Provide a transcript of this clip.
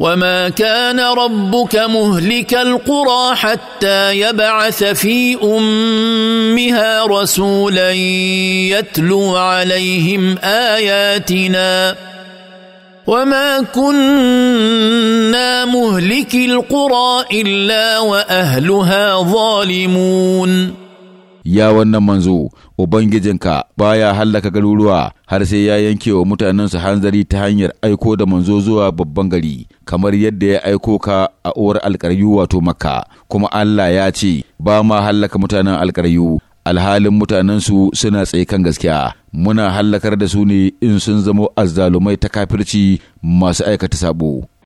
وما كان ربك مهلك القرى حتى يبعث في امها رسولا يتلو عليهم اياتنا وما كنا مهلك القرى الا واهلها ظالمون ya wannan manzo ubangijinka baya hallaka garuruwa har sai ya yanke wa mutanensa hanzari ta hanyar aiko da manzo zuwa babban gari kamar yadda ya aiko ka a uwar alkaryu wato makka kuma allah ya ce ba ma hallaka mutanen alkaryu alhalin mutanensu suna tsaye kan gaskiya muna hallakar da su ne in sun zamo azzalumai ta kafirci masu aikata sabo